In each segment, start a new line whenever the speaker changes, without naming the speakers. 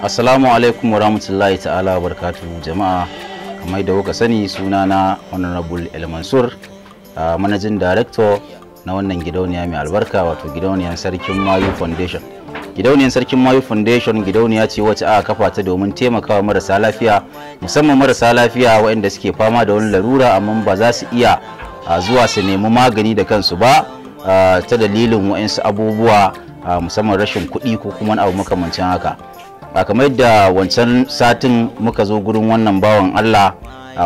Assalamu alaikum warahmatullahi ta'ala wa barakatuhu jama'a kamar da kuka sani suna na honorable El Mansur managing director na wannan gidauniya mai albarka wato gidauniyar sarkin mayu foundation gidauniyar sarkin mayu foundation gidauniya ce wacce aka kafa ta domin taimakawa marasa lafiya musamman marasa lafiya waɗanda suke fama da wani larura amma ba za su iya zuwa su nemi magani da kansu ba ta dalilin waɗansu abubuwa musamman rashin kuɗi ko kuma abu makamancin haka ba kamar yadda wancan satin muka zo gurin wannan bawan Allah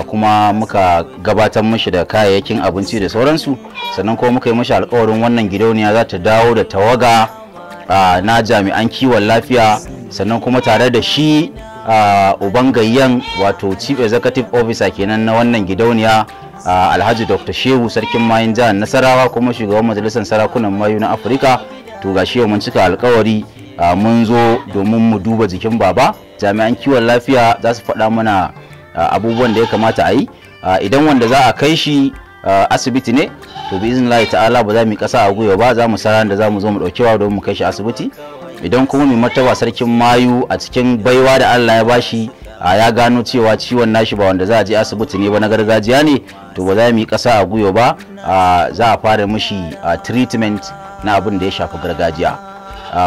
kuma muka gabatar mashi da kayayyakin abinci da sauransu sannan kuma muka yi mashi alkawarin wannan gidauniya za ta dawo da tawaga na jami'an kiwon lafiya sannan kuma tare da shi uban gayyan wato chief executive officer kenan na wannan gidauniya alhaji dr shehu sarkin mayin jihar nasarawa kuma shugaban majalisar sarakunan mayu na afirka to gashi shi mun cika alkawari mun zo domin mu duba jikin baba jami'an kiwon lafiya za su faɗa mana abubuwan da ya kamata a yi idan wanda za a kai shi asibiti ne to bi izin lahi ta'ala ba za mu kasa a gwiwa ba za mu sara da za mu zo mu ɗaukewa domin mu kai shi asibiti idan kuma mai martaba sarkin mayu a cikin baiwa da allah ya bashi a ya gano cewa ciwon nashi ba wanda za a je asibiti ne ba na gargajiya ne to ba za mu yi kasa a gwiwa ba za a fara mishi treatment na abin da ya shafi gargajiya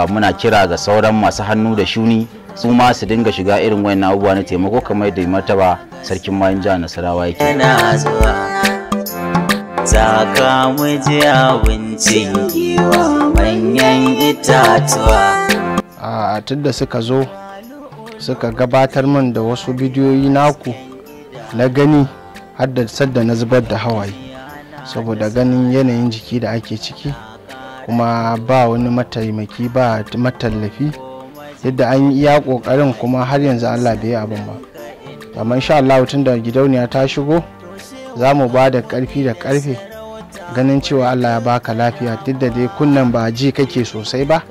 muna kira ga sauran masu hannu da shuni su ma su dinga shiga irin wayan abubuwa na taimako kamar da martaba sarkin mayin jihar nasarawa yake yana zuwa manyan
itatuwa a tun da suka zo suka gabatar min da wasu bidiyoyi naku na gani har da sadda na zubar da hawaye saboda ganin yanayin jiki da ake ciki kuma ba wani mataimaki ba matallafi yadda an iya kokarin kuma har yanzu allah bai yi abin ba amma insha allah tun da gidauniya ta shigo za mu ba da karfi da karfe ganin cewa allah ya baka lafiya duk da dai kunnan ba ji kake sosai ba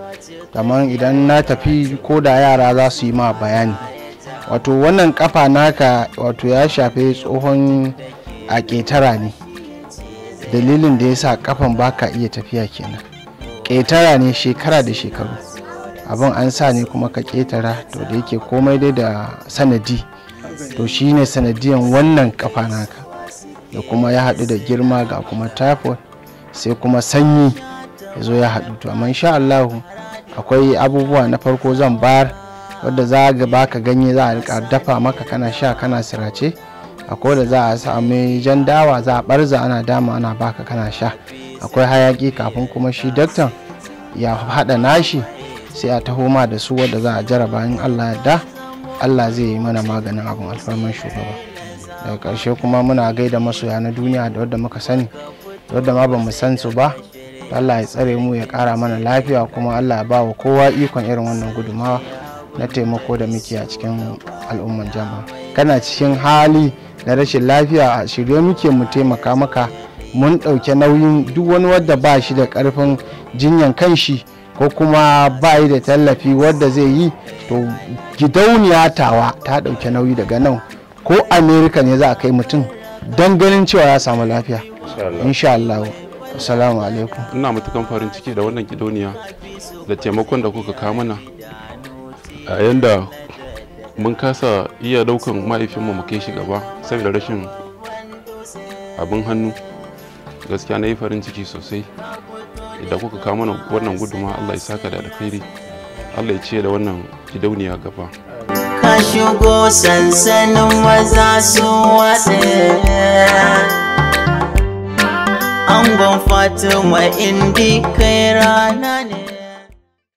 kamar idan na tafi ko da yara za su yi ma bayani wato wannan kafa naka wato ya shafe tsohon a ƙetara ne dalilin da ya sa kafan baka iya tafiya kenan ƙetara ne shekara da shekaru abin an sa ne kuma ka ƙetara to da yake komai dai da sanadi to shi ne sanadiyan wannan kafa naka da kuma ya haɗu da girma ga kuma typhoid sai kuma sanyi ya zo ya haɗu to amma insha Allah akwai abubuwa na farko zan bayar wadda za ga baka ganye za a rika dafa maka kana sha kana sirace akwai da za a sami jan dawa za a barza ana dama ana baka kana sha akwai hayaki kafin kuma shi daktan ya haɗa nashi sai a taho ma da su wadda za a jaraba in allah da allah zai yi mana maganin abin alfarman shugaba daga ƙarshe kuma muna gaida masoya na duniya da wadda muka sani da wadda ma ba mu san su ba allah ya tsare mu ya ƙara mana lafiya kuma allah ya ba wa kowa ikon irin wannan gudumawa na taimako da muke a cikin al'umman jama'a kana cikin hali na rashin lafiya a shirye muke mu taimaka maka mun ɗauke nauyin duk wani wadda ba shi da karfin jinyan kanshi ko kuma ba yi da tallafi wadda zai yi to gidauniya tawa ta ɗauke nauyi daga nan ko amerika ne za a kai mutum don ganin cewa ya samu lafiya insha Allah assalamu alaikum
ina matukan farin ciki da wannan gidauniya da taimakon da kuka kawo mana a yanda mun kasa iya daukan mahaifinmu mu kai shi gaba saboda rashin abin hannu gaskiya na yi farin ciki sosai idan kuka kawo mana wannan guduma allah ya saka da alkhairi allah ya ce da wannan gidauniya gaba
ka shigo sansanin maza su watse angon fatima indi kai rana ne